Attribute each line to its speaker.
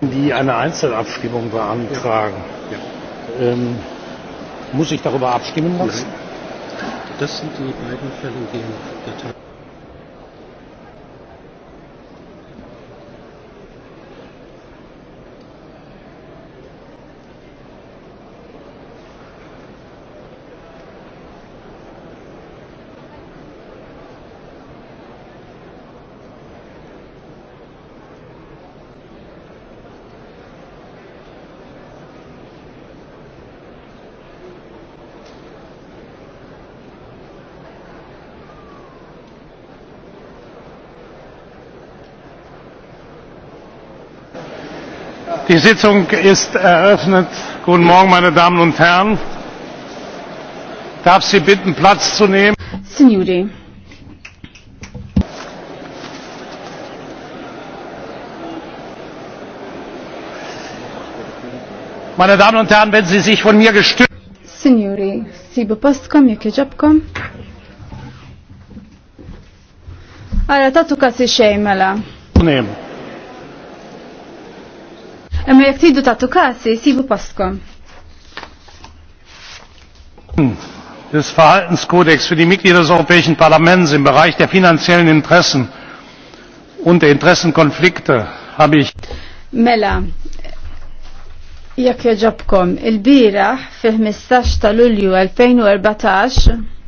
Speaker 1: die eine Einzelabstimmung beantragen. Ja. Ja. Ähm, muss ich
Speaker 2: darüber abstimmen lassen? Nein.
Speaker 1: Das sind die beiden Fälle, die in der Tat. Die Sitzung ist eröffnet. Guten Morgen, meine Damen und Herren. Darf Sie bitten, Platz zu nehmen?
Speaker 3: Signore.
Speaker 2: Meine Damen und Herren, wenn Sie sich von mir gestützt...
Speaker 3: Signori, sibu postkom, jek iġabkom. Għara, tatu kasi xej mela. Nehmen. Imma jekk tiddu tagħtu kasi, sibu paskom.
Speaker 1: Des Verhaltenskodex für die Mitglieder des Europäischen Parlaments im Bereich der finanziellen Interessen und der Interessenkonflikte habe ich.
Speaker 3: Mela, jekk joġobkom il-biraħ fi 15 ta' Lulju 2014